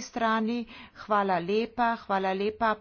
spletni strani. Hvala lepa, hvala lepa.